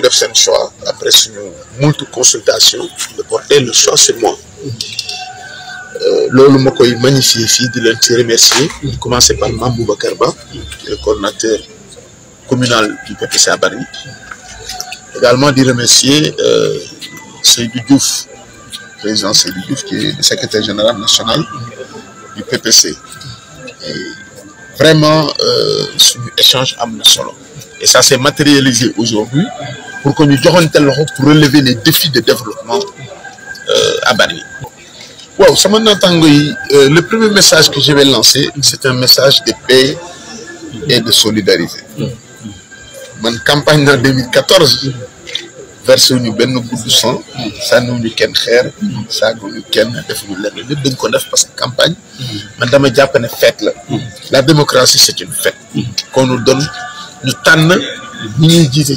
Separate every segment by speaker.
Speaker 1: de def choix après une multi consultation de porter le choix c'est moi euh, Lolo ma koy magnifier ici de de remercier commencer par Mamou Bakarba, le coordinateur communal du PPC à Bari également dire remercier euh, Seydou Diouf président Seydou Diouf qui est le secrétaire général national du PPC et vraiment euh, échange à et ça s'est matérialisé aujourd'hui pour que une telle loxo pour relever les défis de développement euh, à Bari. waaw sama naataango yi le premier message que je vais lancer c'est un message de paix et de solidarité. Ma campagne en 2014. versé wu ñu benn ça sang. ça nous kenn ça ñu kenn Nous dañ ko parce que campagne. man dama jàpp fête la. la démocratie c'est une fête. qu'on nous donne Nous tànn nous ñuy que ci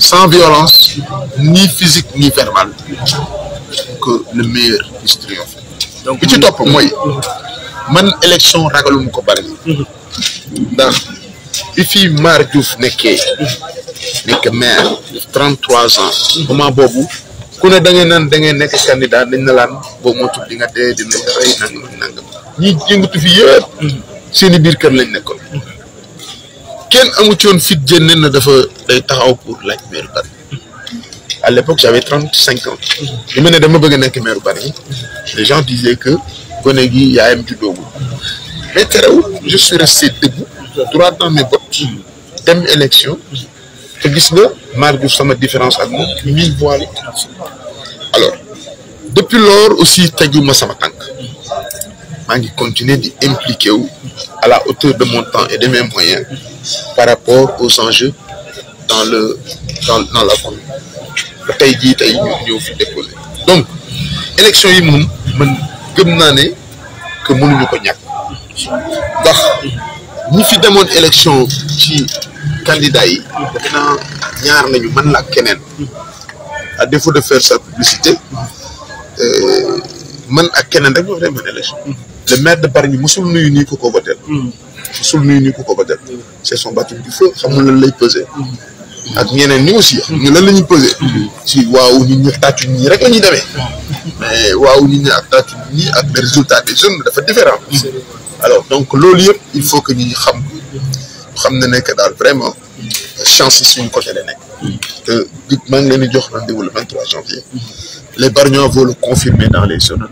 Speaker 1: sans violence, ni physique, ni verbale, que le meilleur puisse triompher. Donc, petit top, moi, man élection ragalum ko bari mm-hmm. ndax bi fi Mar Diouf nekké mm-hmm. nek maire 33 ans moment bobo, ku ne da ngay nan da ngay nek candidat dañ na lan bo mo tud di nga dé dina ray nang nang ñi yëngatu fi yépp mm-hmm. seeni biir kër lañ nekkon kenn amu ci fit génne na dafa day taxaw pour la meeru à l'époque j'avais 35 ans Je ma ne dama bëgg a nekk les gens disaient que gone gi yaayam juddoogul mais terewul je suis resté debout droit dans mes bottes dem élection te gis malgré sama différence ak moom mille voix alors depuis lors aussi teguma sama tànk maa ngi continuer di impliqué à la hauteur de mon temps et de mes moyens par rapport aux enjeux dans le dans dans la commune ba tey jii tey ñu ñëw fi déposé donc élection yi moom man gëm naa ne que mënuñu ko ñàkk ndax fi demoon élection ci candidat yi ñaar nañu man la ak keneen à défaut de faire sa publicité euh, man ak keneen rek ñoo demoon élection le maire de Bargny mosul nuyu nii ko mm. ko votel mosul nuyu nii ko ko votel c'est son baptême du feu xamul nous lay peser. ak ñeneen aussi. ñu lan posé. peser. si waaw nit ñi tàccu ñii rek la ñuy mais waaw nit ñi ak tàccu ñii les résultats des jeunes dafa différent alors donc leau yëpp il faut que nous xam xam que daal vraiment chance sur une côté de nekk. que, maa ngi jox rendez-vous le 23 janvier. les barrières vont le confirmer dans les zones